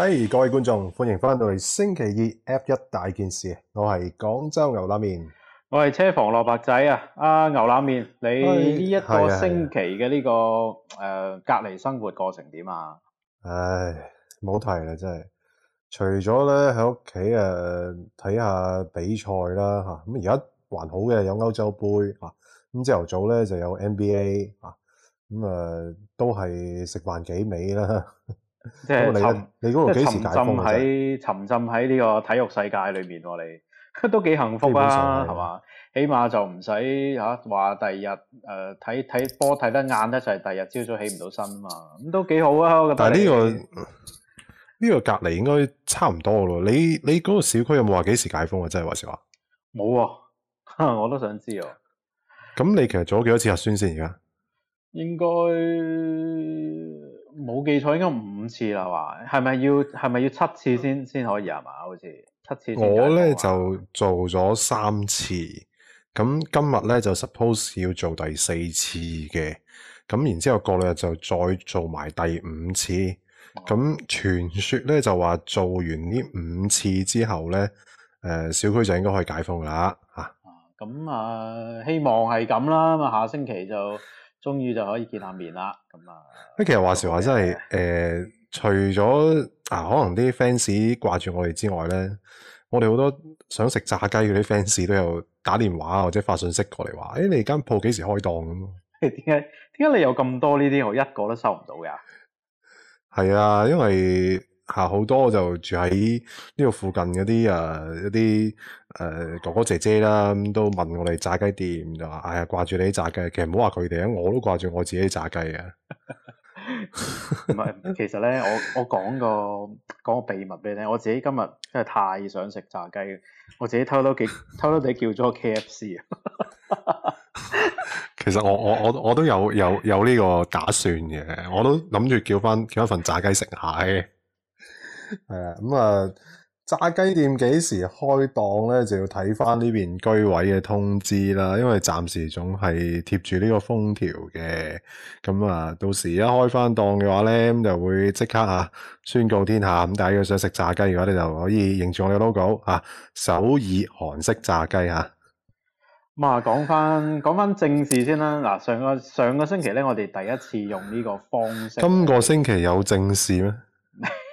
誒，hey, 各位觀眾，歡迎翻到嚟星期二 F1 大件事，我係廣州牛腩麵，我係車房蘿蔔仔啊！阿牛腩麵，hey, 你呢一個星期嘅呢個誒隔離生活過程點啊？唉，冇提啦，真係。除咗咧喺屋企誒睇下比賽啦吓，咁而家還好嘅有歐洲杯啊，咁朝頭早咧就有 NBA 啊，咁啊都係食飯幾味啦。即係沉，尋你嗰度幾時解封、啊、沉浸喺沉浸喺呢個體育世界裏面、啊，你都幾幸福啊，係嘛？吧起碼就唔使吓話第二日誒睇睇波睇得晏得就係，第二日朝早起唔到身嘛，咁都幾好啊。但係、這、呢個呢是個隔離應該差唔多咯。你你嗰個小區有冇話幾時解封啊？真係話時話冇，啊，我都想知哦、啊。咁你其實做咗幾多次核酸先？而家應該。冇記錯，應該五次啦，係咪？係咪要係咪要七次先先可以呢啊？係嘛，好似七次。我咧就做咗三次，咁今日咧就 suppose 要做第四次嘅，咁然之後過兩日就再做埋第五次。咁傳說咧就話做完呢五次之後咧，誒、呃、小區就應該可以解封啦。嚇、啊！咁啊、呃，希望係咁啦。咁啊，下星期就終於就可以見下面啦。咁啊！咁其實話時話真係，誒、 欸，除咗啊，可能啲 fans 掛住我哋之外咧，我哋好多想食炸雞嗰啲 fans 都有打電話或者發信息過嚟話，誒、欸，你間鋪幾時開檔咁？點解點解你有咁多呢啲，我一個都收唔到㗎？係 啊，因為。好多就住喺呢度附近嗰啲，誒，一啲誒、啊、哥哥姐姐啦、啊，咁都問我哋炸雞店就話，哎呀掛住你炸雞，其實唔好話佢哋啊，我都掛住我自己炸雞啊。唔係，其實咧，我我講個講個秘密俾你聽，我自己今日真係太想食炸雞，我自己偷偷哋偷偷地叫咗個 KFC。 其實我我我我都有有有呢個打算嘅，我都諗住叫翻叫一份炸雞食下嘅。係啊，咁啊、嗯，炸雞店幾時開檔咧？就要睇翻呢邊居委嘅通知啦，因為暫時總係貼住呢個封條嘅。咁、嗯、啊，到時一開翻檔嘅話咧，咁就會即刻啊宣告天下。咁大家如果想食炸雞嘅話，咧就可以認住我嘅 logo 啊，首爾韓式炸雞啊。咁啊，講翻講翻正事先啦。嗱，上個上個星期咧，我哋第一次用呢個方式。今個星期有正事咩？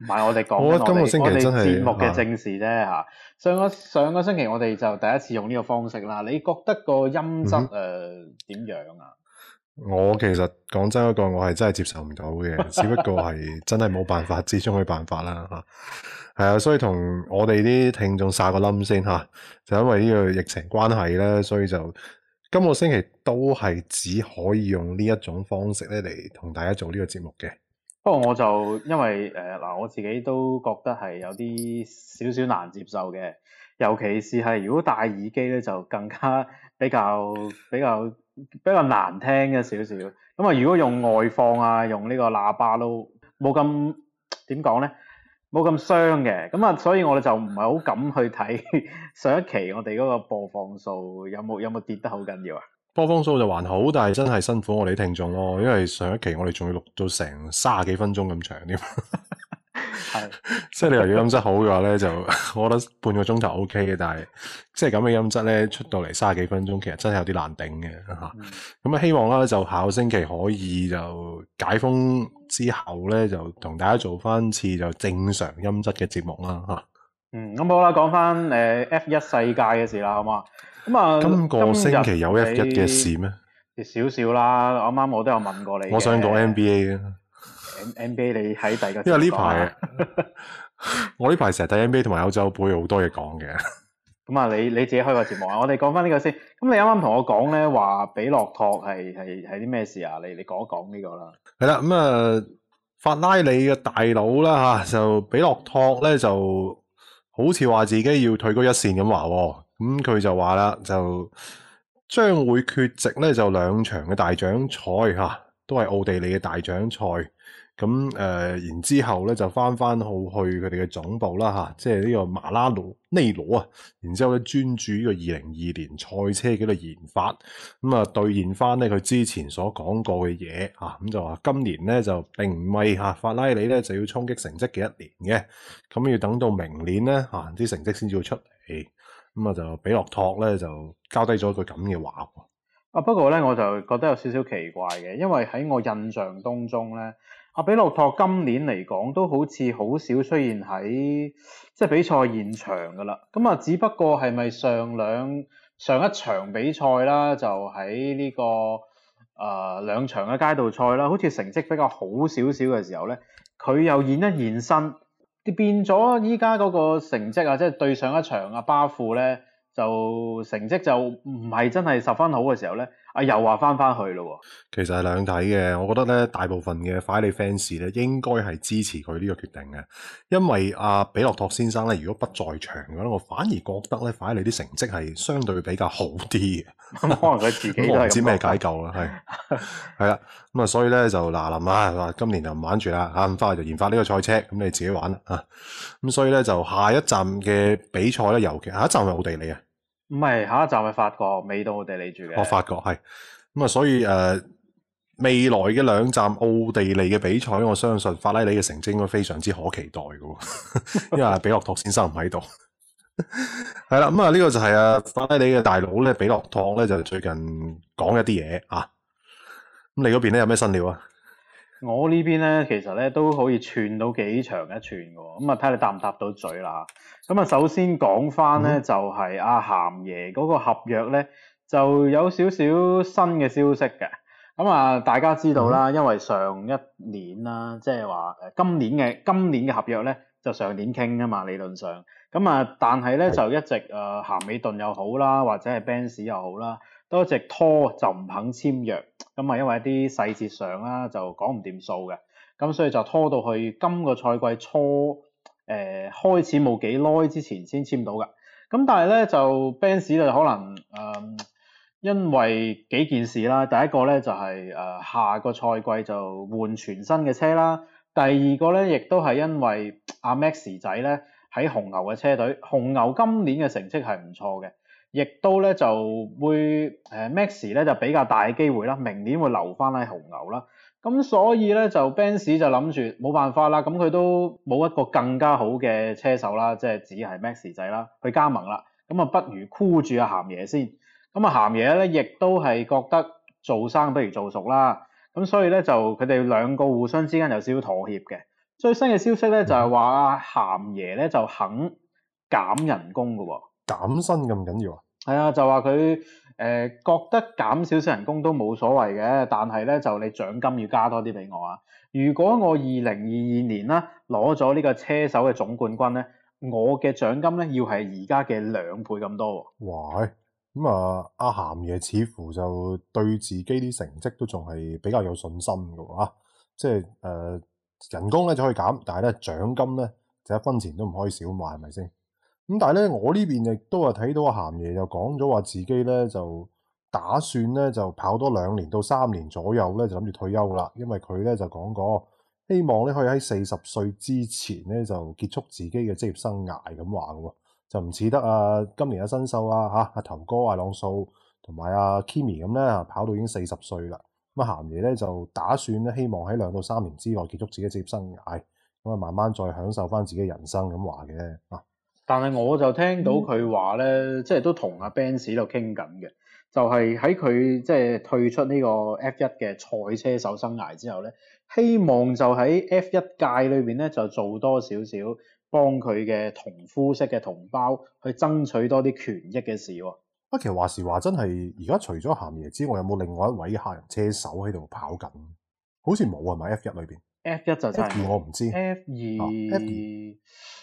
唔係， 我哋講我今個星期真係我哋節目嘅正事啫吓。啊、上個上個星期我哋就第一次用呢個方式啦。你覺得個音質誒點、嗯哼呃、樣啊？我其實講真一個，我係真係接受唔到嘅。 只不過係真係冇辦法，之中嘅辦法啦吓。係啊，所以同我哋啲聽眾晒個冧先吓、啊。就因為呢個疫情關係咧，所以就今個星期都係只可以用呢一種方式咧嚟同大家做呢個節目嘅。不過我就因為誒嗱、呃，我自己都覺得係有啲少少難接受嘅，尤其是係如果戴耳機咧，就更加比較比較比較難聽嘅少少。咁啊，如果用外放啊，用呢個喇叭都冇咁點講咧，冇咁傷嘅。咁啊，所以我哋就唔係好敢去睇 上一期我哋嗰個播放數有冇有冇跌得好緊要啊？播放數就還好，但係真係辛苦我哋啲聽眾咯，因為上一期我哋仲要錄到成三十幾分鐘咁長添。係，即 係 你話要音質好嘅話咧，就 我覺得半個鐘頭 OK 嘅，但係即係咁嘅音質咧，出到嚟，三十幾分鐘，其實真係有啲難頂嘅吓。咁啊，嗯、希望啦，就下個星期可以就解封之後咧，就同大家做翻次就正常音質嘅節目啦吓。啊嗯，咁好啦，講翻誒 F 一世界嘅事啦，好嘛？咁啊，今個星期有 F 一嘅事咩？少少啦，啱啱我都有問過你。我想講 NBA 啊，N B A 你喺第個？因為呢排啊， 我呢排成日睇 N B A 同埋歐洲杯好多嘢講嘅。咁 啊，你你自己開個節目啊？我哋講翻呢個先。咁你啱啱同我講咧，話比洛托係係係啲咩事啊？你你講一講呢個啦。係啦，咁、嗯、啊法拉利嘅大佬啦吓，就比洛托咧就。好似話自己要退居一線咁話喎，咁、嗯、佢就話啦，就將會缺席呢就兩場嘅大獎賽嚇，都係奧地利嘅大獎賽。啊咁誒，然之後咧就翻翻好去佢哋嘅總部啦嚇，即係呢個馬拉諾尼羅啊。然之後咧專注呢個二零二年賽車嘅度研發，咁啊兌現翻咧佢之前所講過嘅嘢啊，咁、嗯、就話今年咧就並唔係嚇法拉利咧就要衝擊成績嘅一年嘅，咁要等到明年咧嚇啲成績先至會出嚟，咁、嗯、啊就比洛托咧就交低咗句咁嘅話啊。不過咧我就覺得有少少奇怪嘅，因為喺我印象當中咧。阿比洛托今年嚟講都好似好少出現喺即係比賽現場噶啦，咁啊，只不過係咪上兩上一場比賽啦，就喺呢個呃兩場嘅街道賽啦，好似成績比較好少少嘅時候咧，佢又現一現身，變咗依家嗰個成績啊，即係對上一場阿巴庫咧，就成績就唔係真係十分好嘅時候咧。啊！又話翻翻去咯，其實係兩睇嘅。我覺得咧，大部分嘅法拉利 fans 咧，應該係支持佢呢個決定嘅，因為阿、啊、比諾托先生咧，如果不在場嘅，我反而覺得咧，法拉利啲成績係相對比較好啲嘅。可能佢自己唔知咩解救啦，係係啦。咁啊， 所以咧就嗱臨啊，今年就唔玩住啦，咁、啊、返去就研發呢個賽車，咁你自己玩啦啊。咁所以咧就下一站嘅比賽咧，尤其下一站係奧地利啊。唔係下一站係法國，未到奧地利住嘅。我法國係，咁啊、嗯，所以誒、呃，未來嘅兩站奧地利嘅比賽，我相信法拉利嘅成績應該非常之可期待嘅。 因為比諾托先生唔喺度，係 啦、嗯，咁、嗯、啊、呢、這個就係啊，法拉利嘅大佬咧，比諾托咧就最近講一啲嘢啊。咁你嗰邊咧有咩新料啊？我呢邊咧，其實咧都可以串到幾長一串嘅喎，咁啊睇下你答唔答到嘴啦。咁、嗯就是、啊，首先講翻咧就係阿鹹爺嗰個合約咧，就有少少新嘅消息嘅。咁、嗯、啊，大家知道啦，因為上一年啦，即係話誒今年嘅今年嘅合約咧，就上年傾㗎嘛，理論上。咁、嗯、啊，但係咧是的 就一直誒鹹美頓又好啦，或者係 Benz 又好啦。都一直拖就唔肯簽約，咁啊因為一啲細節上啦就講唔掂數嘅，咁所以就拖到去今個賽季初誒、呃、開始冇幾耐之前先簽到㗎。咁但係咧就 Benz 就可能誒、呃、因為幾件事啦，第一個咧就係、是、誒、呃、下個賽季就換全新嘅車啦，第二個咧亦都係因為阿 Max 仔咧喺紅牛嘅車隊，紅牛今年嘅成績係唔錯嘅。亦都咧就會誒 Max 咧就比較大嘅機會啦，明年會留翻喺紅牛啦，咁所以咧就 Benz 就諗住冇辦法啦，咁佢都冇一個更加好嘅車手啦，即係只係 Max 仔啦，去加盟啦，咁啊不如箍住阿咸爺先，咁啊咸爺咧亦都係覺得做生不如做熟啦，咁所以咧就佢哋兩個互相之間有少少妥協嘅，最新嘅消息咧就係話咸爺咧就肯減人工噶喎。減薪咁緊要啊？係啊，就話佢誒覺得減少少人工都冇所謂嘅，但係咧就你獎金要加多啲俾我啊！如果我二零二二年啦攞咗呢個車手嘅總冠軍咧，我嘅獎金咧要係而家嘅兩倍咁多。哇，咁、嗯、啊阿咸爺似乎就對自己啲成績都仲係比較有信心噶喎，吓、啊、即係誒、呃、人工咧就可以減，但係咧獎金咧就一分錢都唔可以少嘛，係咪先？咁但係咧，我呢邊亦都係睇到阿咸爺就講咗話自己咧就打算咧就跑多兩年到三年左右咧就諗住退休啦，因為佢咧就講過希望咧可以喺四十歲之前咧就結束自己嘅職業生涯咁話嘅，就唔似得阿今年嘅新秀啊，吓、啊、阿頭哥阿朗素同埋阿、啊、Kimi 咁咧，跑到已經四十歲啦。咁啊咸爺咧就打算咧希望喺兩到三年之內結束自己職業生涯，咁啊慢慢再享受翻自己人生咁話嘅啊。但係我就聽到佢話咧，嗯、即係都同阿 Benz 喺度傾緊嘅，就係喺佢即係退出呢個 F 一嘅賽車手生涯之後咧，希望就喺 F 一界裏邊咧就做多少少幫佢嘅同膚色嘅同胞去爭取多啲權益嘅事喎、哦。啊，其實話時話真係，而家除咗咸爺之外，有冇另外一位黑人車手喺度跑緊？好似冇啊係咪 F 一裏邊？F 一就真、是、係我唔知 F、啊。F 二。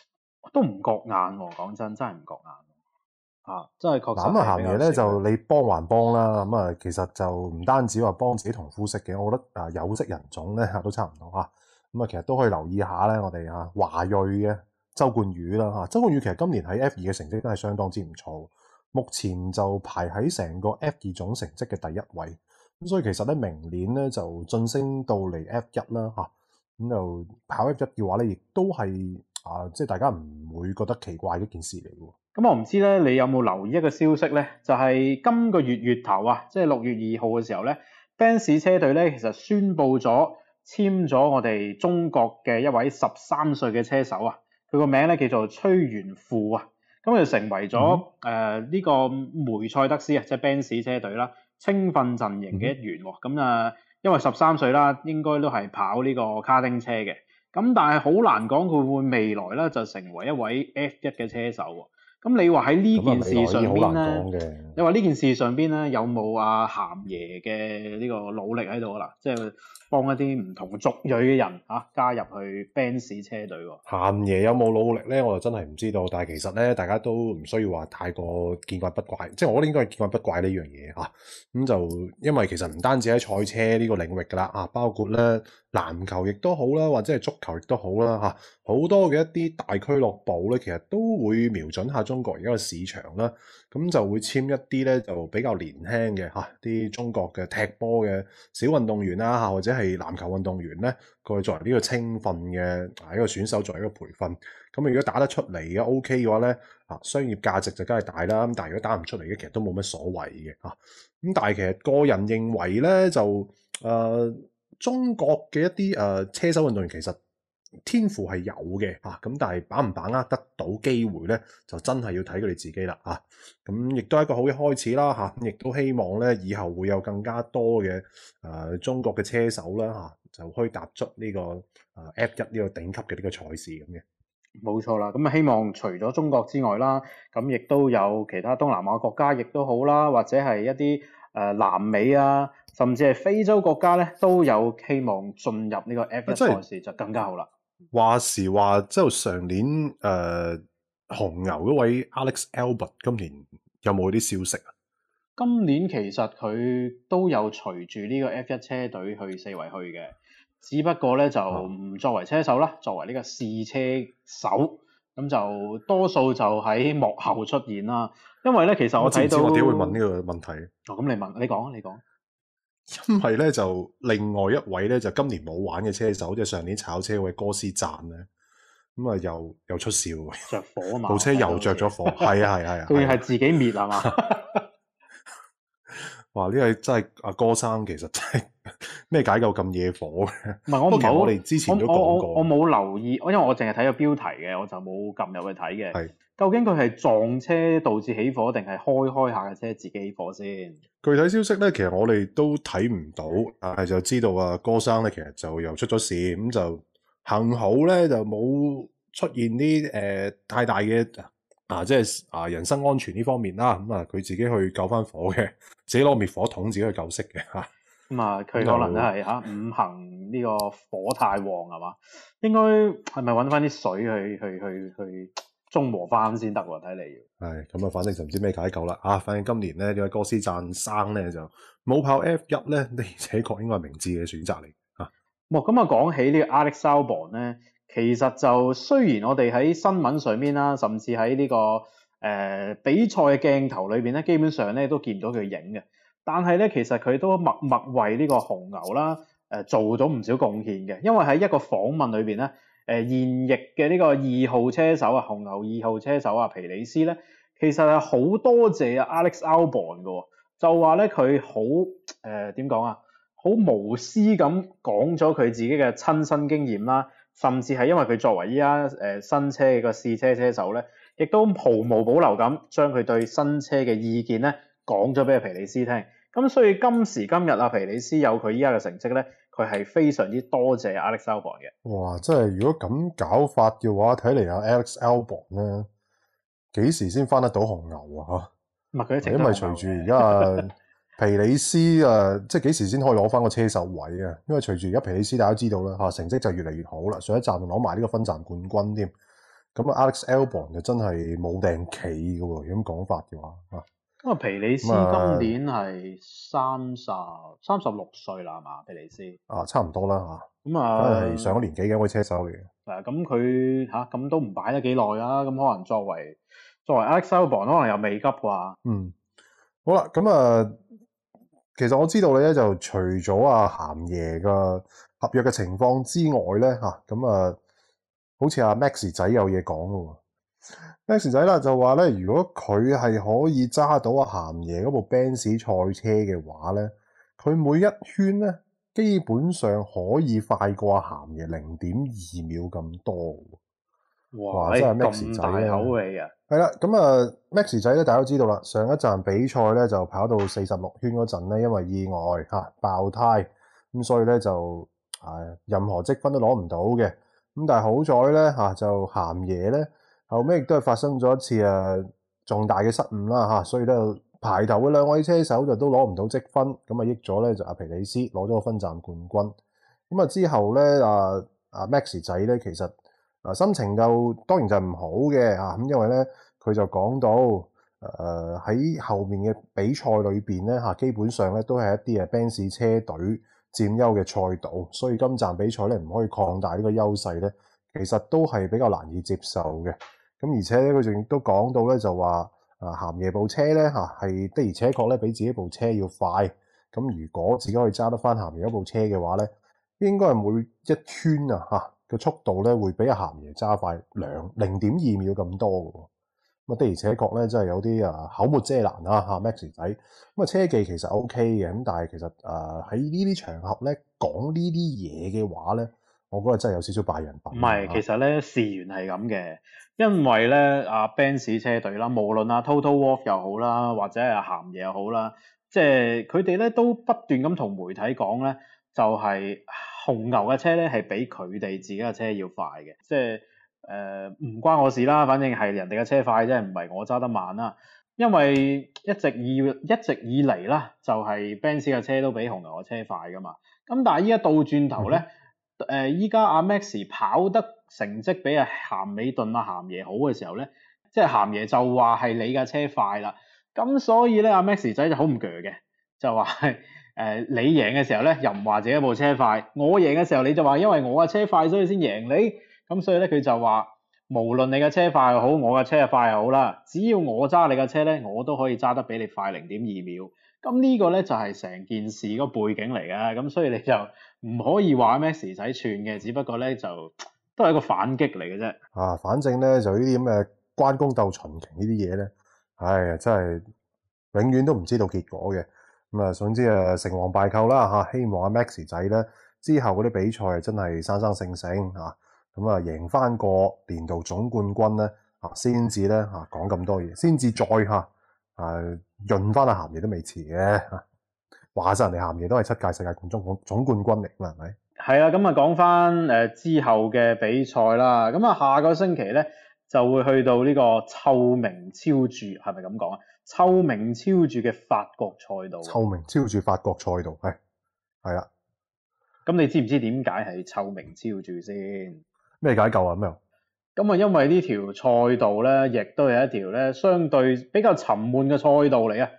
都唔覺眼，講真真係唔覺眼啊！真係確實。咁啊、嗯，咸爺咧就你幫還幫啦。咁、嗯、啊，其實就唔單止話幫自己同膚色嘅，我覺得啊有色人種咧都差唔多啊。咁、嗯、啊，其實都可以留意下咧，我哋啊華裔嘅周冠宇啦。啊，周冠宇其實今年喺 F 二嘅成績都係相當之唔錯，目前就排喺成個 F 二總成績嘅第一位。咁所以其實咧，明年咧就晉升到嚟 F 一啦、啊。吓咁就跑 F 一嘅話咧，亦都係。啊，即係大家唔會覺得奇怪一件事嚟嘅。咁我唔知咧，你有冇留意一個消息咧？就係、是、今個月月頭啊，即係六月二號嘅時候咧，Benz、嗯、車隊咧其實宣布咗簽咗我哋中國嘅一位十三歲嘅車手啊，佢個名咧叫做崔元富啊，咁佢就成為咗誒呢個梅賽德斯啊，即係 Benz 車隊啦、啊，青訓陣營嘅一員。咁啊，嗯嗯、因為十三歲啦，應該都係跑呢個卡丁車嘅。咁但係好難講佢會，會未來咧就成為一位 F 一嘅車手喎。咁你話喺呢件事上好難講嘅。你話呢件事上邊咧有冇阿鹹爺嘅呢個努力喺度啊？即係幫一啲唔同族裔嘅人啊加入去 Benz 車隊喎。鹹爺有冇努力咧？我就真係唔知道。但係其實咧，大家都唔需要話太過見怪不怪。即係我覺得應該係見怪不怪呢樣嘢嚇。咁就因為其實唔單止喺賽車呢個領域㗎啦啊，包括咧籃球亦都好啦，或者係足球亦都好啦嚇，好多嘅一啲大俱樂部咧，其實都會瞄準下中國而家個市場啦，咁就會簽一啲咧就比較年輕嘅吓啲中國嘅踢波嘅小運動員啦嚇、啊，或者係籃球運動員咧，佢作為呢個青訓嘅一個選手，作為一個培訓。咁、啊、如果打得出嚟嘅 OK 嘅話咧，啊商業價值就梗係大啦。咁但係如果打唔出嚟嘅，其實都冇乜所謂嘅嚇。咁、啊、但係其實個人認為咧，就誒、呃、中國嘅一啲誒、呃、車手運動員其實。天賦係有嘅嚇，咁但係把唔把握得到機會咧，就真係要睇佢哋自己啦嚇。咁、啊、亦都係一個好嘅開始啦嚇，亦、啊、都希望咧以後會有更加多嘅誒、啊、中國嘅車手啦嚇、啊，就可以踏足呢個誒、啊、F 一呢個頂級嘅呢個賽事咁嘅。冇錯啦，咁啊希望除咗中國之外啦，咁亦都有其他東南亞國家亦都好啦，或者係一啲誒、呃、南美啊，甚至係非洲國家咧都有希望進入呢個 F 一賽以事，就更加好啦。話時話，即係上年誒、呃，紅牛嗰位 Alex Albon 今年有冇啲消息啊？今年其實佢都有隨住呢個 F 一車隊去四圍去嘅，只不過咧就唔作為車手啦，啊、作為呢個試車手，咁就多數就喺幕後出現啦。因為咧，其實我睇到我點會問呢個問題？哦，咁你問，你講，你講。你因為咧，就另外一位咧，就今年冇玩嘅車手，即係上年炒車位哥斯贊咧，咁啊又又出事，着火嘛，部車又着咗火，係啊係係啊，佢係自己滅啊嘛， 哇呢係、這個、真係阿哥生，其實真係咩解救咁惹火嘅，唔係我冇，我哋之前都講過，我冇留意，因為我淨係睇個標題嘅，我就冇撳入去睇嘅。究竟佢係撞車導致起火，定係開開下嘅車自己起火先？具體消息咧，其實我哋都睇唔到，但係就知道啊，哥生咧，其實就又出咗事，咁、嗯、就幸好咧，就冇出現啲誒、呃、太大嘅啊，即係啊，人身安全呢方面啦，咁、嗯、啊，佢自己去救翻火嘅，自己攞滅火筒自己去救熄嘅吓。咁啊，佢、嗯、可能都係吓五行呢個火太旺係嘛？應該係咪揾翻啲水去去去去？去去去中和翻先得喎，睇嚟。係咁啊，反正就唔知咩解救啦啊！反正今年咧，呢位哥斯贊生咧就冇跑 F 一咧，你且確應該係明智嘅選擇嚟嚇。咁啊，講起呢個 Alex Albon 咧，其實就雖然我哋喺新聞上面啦，甚至喺呢個誒、呃、比賽鏡頭裏邊咧，基本上咧都見唔到佢影嘅。但係咧，其實佢都默默為呢個紅牛啦誒做咗唔少貢獻嘅，因為喺一個訪問裏邊咧。誒現役嘅呢個二號車手啊，紅牛二號車手啊，皮里斯咧，其實係好多謝啊 Alex Albon 嘅，就話咧佢好誒點講啊，好、呃、無私咁講咗佢自己嘅親身經驗啦，甚至係因為佢作為依家誒新車嘅個試車車手咧，亦都毫無保留咁將佢對新車嘅意見咧講咗俾阿皮里斯聽，咁所以今時今日啊，皮里斯有佢依家嘅成績咧。佢係非常之多謝 Alex Albon 嘅。哇！真係，如果咁搞法嘅話，睇嚟阿 Alex Albon 咧，幾時先翻得到紅牛啊？嚇！因為隨住而家皮里斯啊，即係幾時先可以攞翻個車手位啊？因為隨住而家皮里斯大家都知道啦，嚇、啊、成績就越嚟越好啦，上一站仲攞埋呢個分站冠軍添。咁啊，啊，Alex Albon 就真係冇定企嘅喎，咁講法嘅話嚇。咁啊，皮里斯今年係三十三十六歲啦，係嘛？皮里斯啊，差唔多啦，吓，咁啊，上咗年紀嘅一位車手嚟嘅。嗱，咁佢吓咁都唔擺得幾耐啦，咁可能作為作為 Alex Albon 可能又未急啩。嗯，好、啊、啦，咁、嗯啊，嗯、啊，其實我知道你咧就除咗阿、啊、咸爺嘅合約嘅情況之外咧，吓、啊、咁啊，好似阿、啊、Max 仔有嘢講噶喎。Max 仔啦，就話咧，如果佢係可以揸到阿咸爺嗰部奔馳賽車嘅話咧，佢每一圈咧，基本上可以快過阿咸爺零點二秒咁多。哇！哇真係 Max 仔味啊，係啦，咁啊 Max 仔咧，大家都知道啦，上一站比賽咧就跑到四十六圈嗰陣咧，因為意外吓、啊、爆胎，咁所以咧就誒、啊、任何積分都攞唔到嘅。咁但係好在咧吓就咸爺咧。後尾亦都係發生咗一次誒重大嘅失誤啦，嚇，所以咧排頭嘅兩位車手就都攞唔到積分，咁啊益咗咧就阿皮里斯攞咗個分站冠軍。咁啊之後咧啊阿 Max 仔咧其實啊心情就當然就唔好嘅啊，咁因為咧佢就講到誒喺、呃、後面嘅比賽裏邊咧嚇，基本上咧都係一啲誒 Benz 車隊佔優嘅賽道，所以今站比賽咧唔可以擴大呢個優勢咧，其實都係比較難以接受嘅。咁而且咧，佢仲亦都講到咧，就話啊咸爺部車咧吓，係的而且確咧比自己部車要快。咁如果自己可以揸得返咸爺部車嘅話咧，應該係每一圈啊吓嘅速度咧會比咸爺揸快兩零點二秒咁多嘅。咁啊的而且確咧真係有啲啊口沒遮攔啊。吓 Max 仔。咁啊車技其實 OK 嘅，咁但係其實誒喺呢啲場合咧講呢啲嘢嘅話咧。我覺得真係有少少敗人品，唔係？其實咧事源係咁嘅，因為咧阿 Benz 車隊啦，無論阿 Toto Wolff 又好啦，或者阿鹹嘢又好啦，即係佢哋咧都不斷咁同媒體講咧，就係、是、紅牛嘅車咧係比佢哋自己嘅車要快嘅。即係誒唔關我事啦，反正係人哋嘅車快即係，唔係我揸得慢啦。因為一直以一直以嚟啦，就係 Benz 嘅車都比紅牛嘅車快噶嘛。咁但係依家倒轉頭咧。嗯誒依家阿 Max 跑得成績比阿、啊、咸美頓阿、啊、咸爺好嘅時候咧，即係咸爺就話係你架車快啦。咁所以咧阿、啊、Max 仔就好唔鋸嘅，就話係、呃、你贏嘅時候咧又唔話自己部車快，我贏嘅時候你就話因為我架車快所以先贏你。咁所以咧佢就話無論你架車快又好，我架車快又好啦，只要我揸你架車咧，我都可以揸得比你快零點二秒。咁呢個咧就係、是、成件事嗰個背景嚟嘅，咁所以你就。唔可以話咩 Max 仔串嘅，只不過咧就都係一個反擊嚟嘅啫。啊，反正咧就呢啲咁嘅關公鬥秦瓊呢啲嘢咧，係、哎、真係永遠都唔知道結果嘅。咁、嗯、啊，總之啊，成王敗寇啦嚇、啊。希望阿 Max 仔咧之後嗰啲比賽真係生生性性嚇。咁啊，贏翻個年度總冠軍咧嚇，先至咧嚇講咁多嘢，先至再嚇啊潤翻下漢爵爺都未遲嘅嚇。啊話晒人哋鹹嘢都係七屆世界冠總冠總冠軍嚟噶嘛，係咪？係啦，咁啊，講翻誒之後嘅比賽啦，咁啊，下個星期咧就會去到呢個臭名昭著，係咪咁講啊？臭名昭著嘅法國賽道，臭名昭著法國賽道係，係啦，咁你知唔知點解係臭名昭著先？咩解救啊？咁樣？咁啊，因為條賽呢條賽道咧，亦都係一條咧相對比較沉悶嘅賽道嚟啊。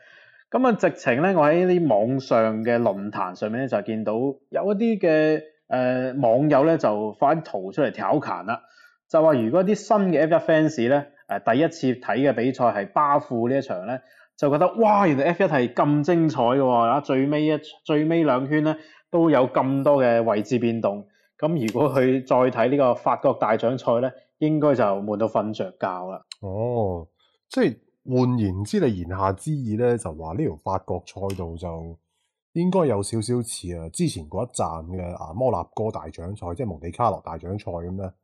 咁啊，直情咧，我喺呢啲網上嘅論壇上面咧，就見到有一啲嘅誒網友咧，就發圖出嚟挑釁啦，就話如果啲新嘅 F 一 fans 咧，誒第一次睇嘅比賽係巴庫呢一場咧，就覺得哇，原來 F 一係咁精彩嘅喎，哦，最尾一最尾兩圈咧都有咁多嘅位置變動，咁如果佢再睇呢個法國大獎賽咧，應該就悶到瞓着覺啦。哦，即係。換言之，你言下之意咧，就話呢條法國賽道就應該有少少似啊之前嗰一站嘅啊摩納哥大獎賽，即係蒙地卡羅大獎賽咁啦。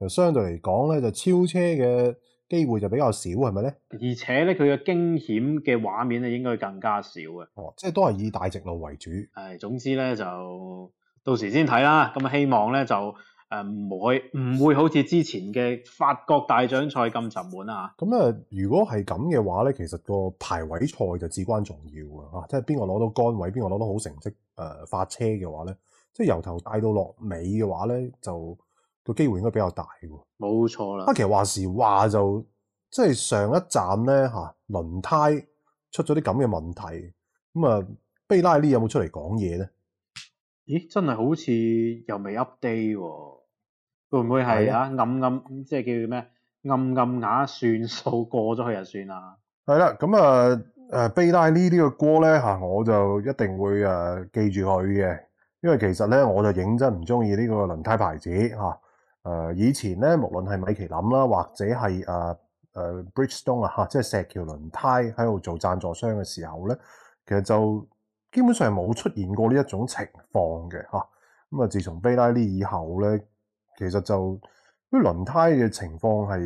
就相對嚟講咧，就超車嘅機會就比較少，係咪咧？而且咧，佢嘅驚險嘅畫面咧，應該更加少嘅。哦，即係都係以大直路為主。係。哎，總之咧就到時先睇啦。咁啊，希望咧就。誒唔、嗯、會唔會好似之前嘅法國大獎賽咁沉悶啊？咁啊，如果係咁嘅話咧，其實個排位賽就至關重要㗎嚇、啊，即係邊個攞到杆位，邊個攞到好成績誒、呃、發車嘅話咧，即係由頭帶到落尾嘅話咧，就個機會應該比較大喎。冇錯啦。啊，其實話時話就即係上一站咧吓、啊，輪胎出咗啲咁嘅問題，咁啊，貝拉利有冇出嚟講嘢咧？咦，真係好似又未 update 喎。會唔會係啊的？暗暗即係叫咩？暗暗啞算數過咗去就算啦。係啦，咁啊誒 Pirelli 呢啲嘅歌咧吓，我就一定會誒記住佢嘅，因為其實咧我就認真唔中意呢個輪胎牌子吓。誒、啊，以前咧，無論係米其林啦，或者係誒誒 Bridgestone 啊吓、啊 Brid 啊，即係石橋輪胎喺度做贊助商嘅時候咧，其實就基本上係冇出現過呢一種情況嘅吓。咁啊，自從 Pirelli 以後咧。其實就啲輪胎嘅情況係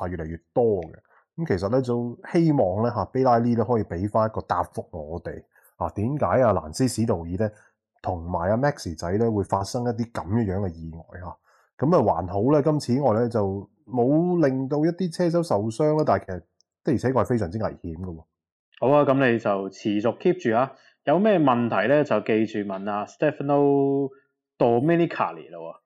啊越嚟越多嘅。咁其實咧就希望咧嚇 Pirelli 咧可以俾翻一個答覆我哋啊。點解啊蘭斯史道爾咧同埋阿 Max 仔咧會發生一啲咁樣樣嘅意外啊？咁啊還好咧，今次意外咧就冇令到一啲車手受傷啦。但係其實的而且確係非常之危險嘅喎、啊。好啊，咁你就持續 keep 住啊。有咩問題咧就記住問啊 Stefano Domenicali 啦。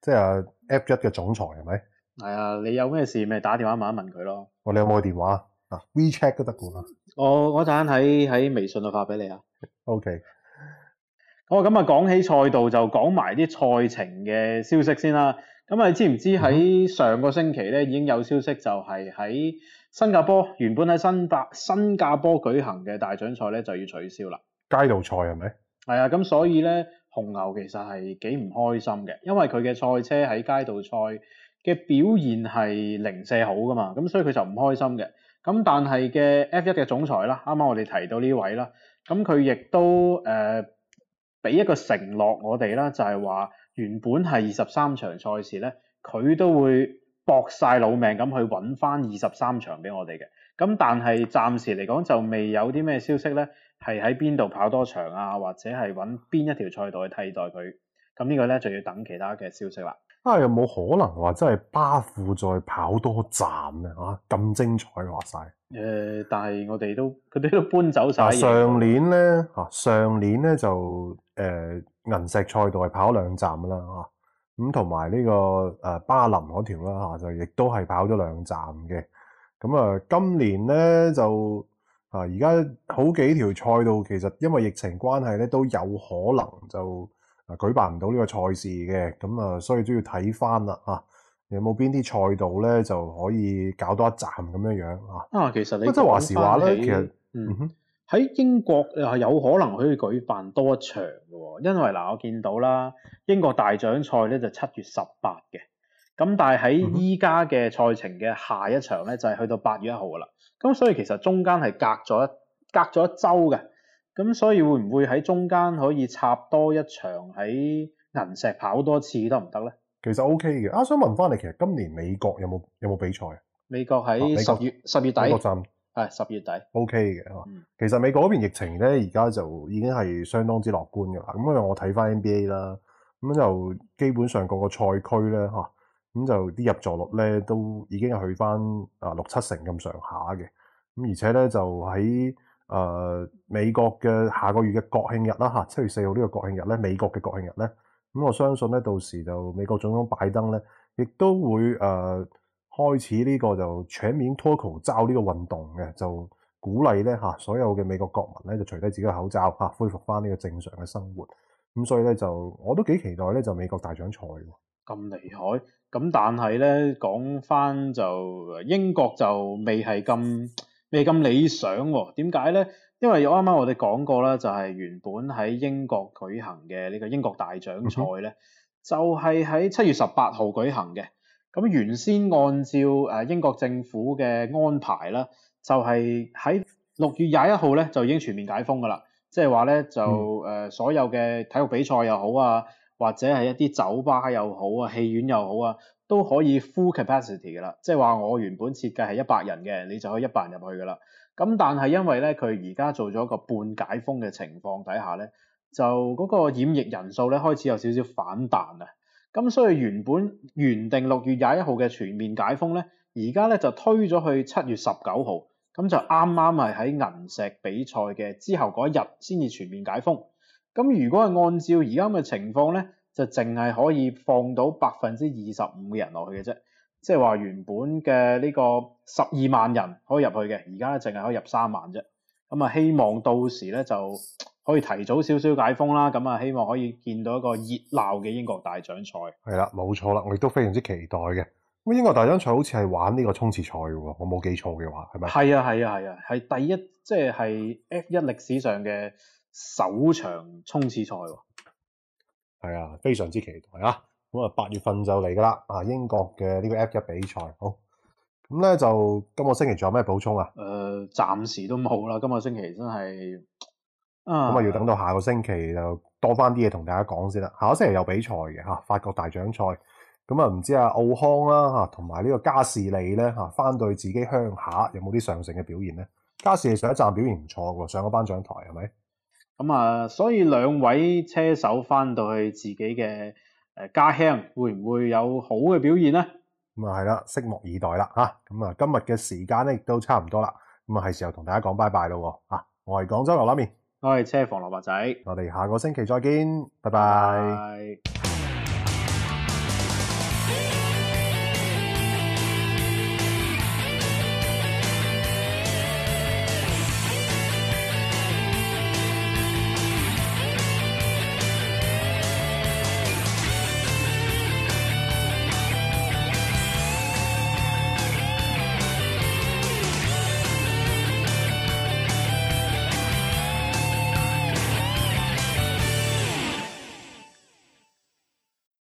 即係 F1 嘅總裁係咪？係啊，你有咩事咪打電話問一問佢咯。我你有冇佢電話啊？WeChat 都得噶啦。我嗰陣喺喺微信度發俾你啊。OK。哦，咁啊，講起賽道就講埋啲賽程嘅消息先啦。咁啊，知唔知喺上個星期咧已經有消息就係喺新加坡，原本喺新，新加坡舉行嘅大獎賽咧就要取消啦。街道賽係咪？係啊，咁所以咧。紅牛其實係幾唔開心嘅，因為佢嘅賽車喺街道賽嘅表現係零舍好噶嘛，咁所以佢就唔開心嘅。咁但係嘅 F 一嘅總裁啦，啱啱我哋提到呢位啦，咁佢亦都誒俾、呃、一個承諾我哋啦，就係、是、話原本係二十三場賽事咧，佢都會搏晒老命咁去揾翻二十三場俾我哋嘅。咁但係暫時嚟講就未有啲咩消息咧。係喺邊度跑多場啊？或者係揾邊一條賽道去替代佢？咁呢個咧就要等其他嘅消息啦、啊。啊，有冇可能話真係巴富再跑多站咧？啊，咁精彩話晒。誒，但係我哋都佢哋都搬走晒。上年咧，吓上年咧就誒銀石賽道係跑兩站啦，吓咁同埋呢個誒、啊、巴林嗰條啦，吓、啊、就亦都係跑咗兩站嘅。咁啊，今年咧就。啊！而家好幾條賽道，其實因為疫情關係咧，都有可能就啊舉辦唔到呢個賽事嘅，咁啊，所以都要睇翻啦，啊有冇邊啲賽道咧就可以搞多一站咁樣樣啊？啊，其實你、啊、即係話時話咧，其實喺英國又係有可能可以舉辦多一場嘅，因為嗱、啊，我見到啦，英國大獎賽咧就七月十八嘅，咁但係喺依家嘅賽程嘅下一場咧、嗯、哼就係去到八月一號噶啦。咁所以其實中間係隔咗一隔咗一週嘅，咁所以會唔會喺中間可以插多一場喺銀石跑多次得唔得咧？行行呢其實 O K 嘅。啊，想問翻你，其實今年美國有冇有冇比賽啊？美國喺十月十月底。美國站係十月底。O K 嘅。啊嗯、其實美國嗰邊疫情咧，而家就已經係相當之樂觀㗎啦。咁因為我睇翻 N B A 啦，咁就基本上各個賽區咧嚇。啊咁就啲入座率咧都已經去翻啊六七成咁上下嘅。咁而且咧就喺誒、呃、美國嘅下個月嘅國慶日啦，吓、啊、七月四號呢個國慶日咧，美國嘅國慶日咧。咁我相信咧到時就美國總統拜登咧，亦都會誒、呃、開始呢個就全面脱口罩呢個運動嘅，就鼓勵咧吓所有嘅美國國民咧就除低自己嘅口罩吓、啊，恢復翻呢個正常嘅生活。咁所以咧就我都幾期待咧就美國大獎賽咁厲害？咁但係咧講返就英國就未係咁未咁理想喎、哦。點解咧？因為剛剛我啱啱我哋講過啦，就係、是、原本喺英國舉行嘅呢個英國大獎賽咧，就係喺七月十八號舉行嘅。咁原先按照誒英國政府嘅安排啦，就係喺六月廿一號咧就已經全面解封㗎啦。即係話咧就誒、嗯呃、所有嘅體育比賽又好啊。或者係一啲酒吧又好啊，戲院又好啊，都可以 full capacity 㗎啦。即係話我原本設計係一百人嘅，你就可以一百人入去㗎啦。咁但係因為咧，佢而家做咗一個半解封嘅情況底下咧，就嗰個染疫人數咧開始有少少反彈啊。咁所以原本原定六月廿一號嘅全面解封咧，而家咧就推咗去七月十九號。咁就啱啱係喺銀石比賽嘅之後嗰一日先至全面解封。咁如果係按照而家咁嘅情況咧，就淨係可以放到百分之二十五嘅人落去嘅啫。即係話原本嘅呢個十二萬人可以入去嘅，而家咧淨係可以入三萬啫。咁啊，希望到時咧就可以提早少少解封啦。咁啊，希望可以見到一個熱鬧嘅英國大獎賽。係啦，冇錯啦，我亦都非常之期待嘅。咁英國大獎賽好似係玩呢個衝刺賽喎，我冇記錯嘅話，係咪？係啊係啊係啊，係第一即係係 F 一歷史上嘅。首場衝刺賽係啊，非常之期待啊。咁啊，八月份就嚟噶啦啊，英國嘅呢個 F 一比賽好咁咧。就今個星期仲有咩補充啊？誒、呃，暫時都冇啦。今個星期真係啊，咁啊，要等到下個星期就多翻啲嘢同大家講先啦。下個星期有比賽嘅吓，法國大獎賽咁啊，唔知啊，奧康啦吓，同埋呢個加士利咧吓，翻到自己鄉下有冇啲上乘嘅表現咧？加士利上一站表現唔錯嘅，上咗頒獎台係咪？是咁啊，所以兩位車手翻到去自己嘅誒家鄉，會唔會有好嘅表現呢？咁啊、嗯，係啦，拭目以待啦吓，咁啊、嗯，今日嘅時間咧亦都差唔多啦。咁、嗯、啊，係時候同大家講拜拜咯吓，我係廣州牛拉麵，我係車房蘿蔔仔，我哋下個星期再見，拜拜。拜拜。